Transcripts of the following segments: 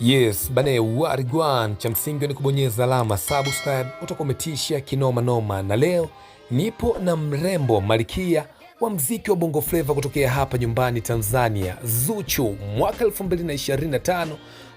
Yes bane, warigwan cha msingi ni kubonyeza alama subscribe, utakuwa umetisha kinoma noma. Na leo nipo na mrembo malikia wa mziki wa bongo fleva kutokea hapa nyumbani Tanzania, Zuchu. Mwaka 2025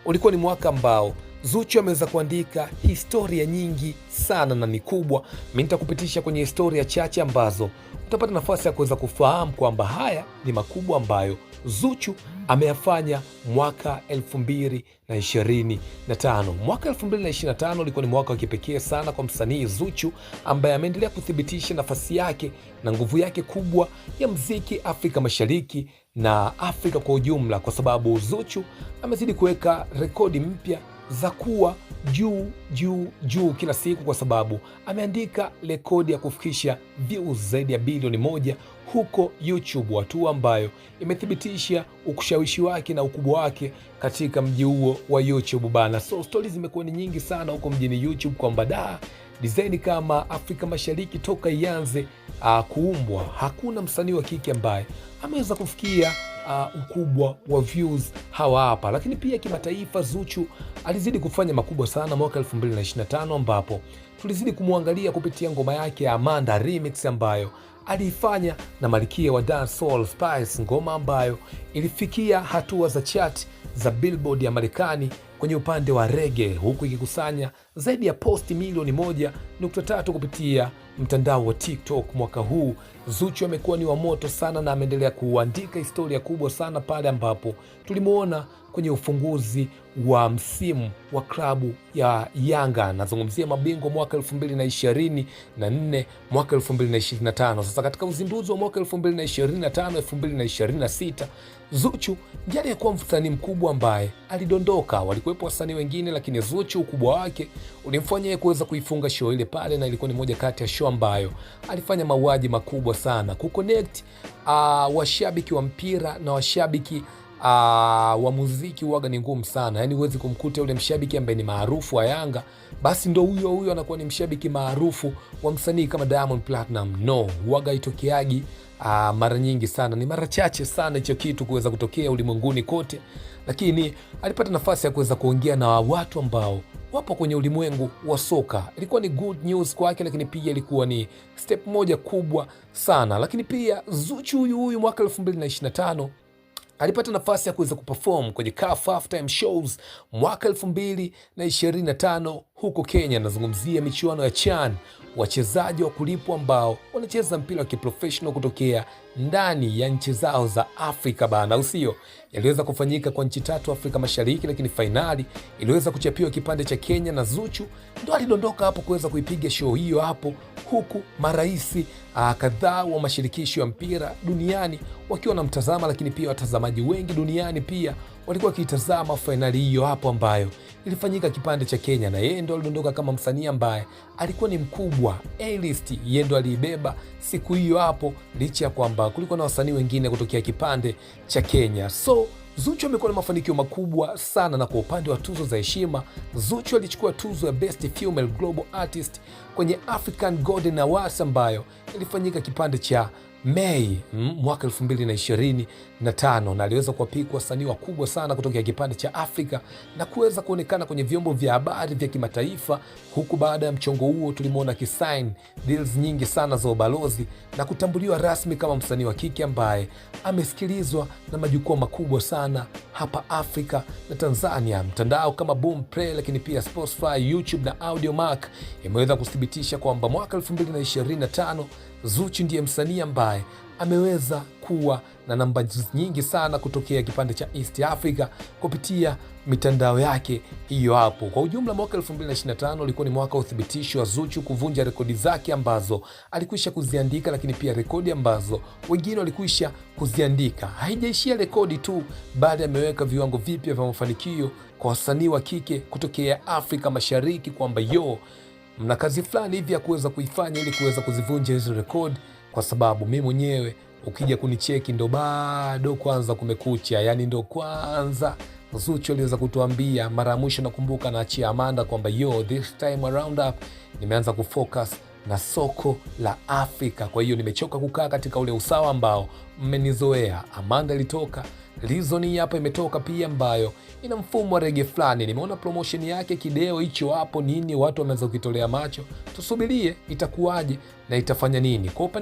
ulikuwa ni mwaka ambao Zuchu ameweza kuandika historia nyingi sana na ni kubwa. Mimi nitakupitisha kwenye historia chache ambazo utapata nafasi ya kuweza kufahamu kwamba haya ni makubwa ambayo Zuchu ameyafanya mwaka 2025. Mwaka 2025 ulikuwa ni mwaka wa kipekee sana kwa msanii Zuchu ambaye ameendelea kuthibitisha nafasi yake na nguvu yake kubwa ya mziki Afrika Mashariki na Afrika kwa ujumla, kwa sababu Zuchu amezidi kuweka rekodi mpya za kuwa juu juu juu kila siku, kwa sababu ameandika rekodi ya kufikisha views zaidi ya bilioni moja huko YouTube, hatua ambayo imethibitisha ukushawishi wake na ukubwa wake katika mji huo wa YouTube bana. So stori zimekuwa ni nyingi sana huko mjini YouTube kwamba da design kama Afrika Mashariki toka ianze ah, kuumbwa hakuna msanii wa kike ambaye ameweza kufikia uh, ukubwa wa views hawa hapa. Lakini pia kimataifa, Zuchu alizidi kufanya makubwa sana mwaka 2025 ambapo tulizidi kumwangalia kupitia ngoma yake ya Amanda Remix ambayo aliifanya na malikia wa dancehall Spice, ngoma ambayo ilifikia hatua za chat za Billboard ya Marekani kwenye upande wa rege, huku ikikusanya zaidi ya posti milioni moja nukta tatu kupitia mtandao wa TikTok mwaka huu. Zuchu amekuwa ni wa moto sana na ameendelea kuandika historia kubwa sana pale ambapo tulimwona kwenye ufunguzi wa msimu wa klabu ya Yanga. Nazungumzia mabingwa mwaka nne mwaka tano Sasa katika uzinduzi wa mwaka na sita Zuchu jali ya kuwa msanii mkubwa ambaye alidondoka wali walikuwepo wasanii wengine, lakini Zuchu ukubwa wake ulimfanya yeye kuweza kuifunga show ile pale, na ilikuwa ni moja kati ya show ambayo alifanya mauaji makubwa sana kuconnect uh, washabiki wa mpira na washabiki Uh, wa muziki huwaga ni ngumu sana, yani huwezi kumkuta yule mshabiki ambaye ni maarufu wa Yanga basi ndo huyo huyo anakuwa ni mshabiki maarufu wa msanii kama Diamond Platinum. No, huwaga itokeagi aa, ah, mara nyingi sana, ni mara chache sana hicho kitu kuweza kutokea ulimwenguni kote, lakini alipata nafasi ya kuweza kuongea na watu ambao wapo kwenye ulimwengu wa soka. Ilikuwa ni good news kwake, lakini pia ilikuwa ni step moja kubwa sana. Lakini pia Zuchu huyu huyu mwaka 2025 alipata nafasi ya kuweza kuperform kwenye CAF halftime shows mwaka 2025 huko Kenya. Nazungumzia michuano ya CHAN, wachezaji wa kulipwa ambao wanacheza mpira wa kiprofessional kutokea ndani ya nchi zao za Afrika bana, usio Yaliweza kufanyika kwa nchi tatu Afrika Mashariki, lakini fainali iliweza kuchapiwa kipande cha Kenya na Zuchu ndo alidondoka hapo kuweza kuipiga show hiyo hapo, huku marais ah, kadhaa wa mashirikisho ya mpira duniani wakiwa wanamtazama, lakini pia watazamaji wengi duniani pia walikuwa wakitazama fainali hiyo hapo ambayo ilifanyika kipande cha Kenya, na yeye ndo alidondoka kama msanii ambaye alikuwa ni mkubwa A-list, yeye ndo aliibeba siku hiyo hapo, licha ya kwamba kulikuwa na wasanii wengine kutokea kipande cha Kenya. So Zuchu amekuwa na mafanikio makubwa sana, na kwa upande wa tuzo za heshima, Zuchu alichukua tuzo ya Best Female Global Artist kwenye African Golden Awards ambayo ilifanyika kipande cha Mei mm, mwaka elfu mbili na ishirini na tano na aliweza kuwapikwa wasanii wakubwa sana kutokea kipande cha Afrika na kuweza kuonekana kwenye vyombo vya habari vya kimataifa, huku baada ya mchongo huo tulimwona akisain deals nyingi sana za ubalozi na kutambuliwa rasmi kama msanii wa kike ambaye amesikilizwa na majukwaa makubwa sana hapa Afrika na Tanzania, mtandao kama Boomplay, lakini pia Spotify, YouTube na Audiomack imeweza kuthibitisha kwamba mwaka tano Zuchu ndiye msanii ambaye ameweza kuwa na namba nyingi sana kutokea kipande cha East Africa kupitia mitandao yake hiyo hapo. Kwa ujumla, mwaka 2025 ulikuwa ni mwaka wa uthibitisho wa Zuchu kuvunja rekodi zake ambazo alikwisha kuziandika, lakini pia rekodi ambazo wengine walikwisha kuziandika. Haijaishia rekodi tu, bali ameweka viwango vipya vya mafanikio kwa wasanii wa kike kutokea Afrika Mashariki kwamba yo mna kazi fulani hivi ya kuweza kuifanya ili kuweza kuzivunja hizo rekodi, kwa sababu mi mwenyewe ukija kunicheki ndo bado kwanza kumekucha, yani ndo kwanza Zuchu aliweza kutuambia mara ya mwisho, nakumbuka naachia Amanda kwamba yo this time around up nimeanza kufocus na soko la Afrika. Kwa hiyo nimechoka kukaa katika ule usawa ambao mmenizoea. Amanda ilitoka Reason hii hapa imetoka pia, ambayo ina mfumo wa rege fulani. Nimeona promotion yake kideo hicho hapo nini, watu wameanza kukitolea macho, tusubirie itakuwaje na itafanya nini kwa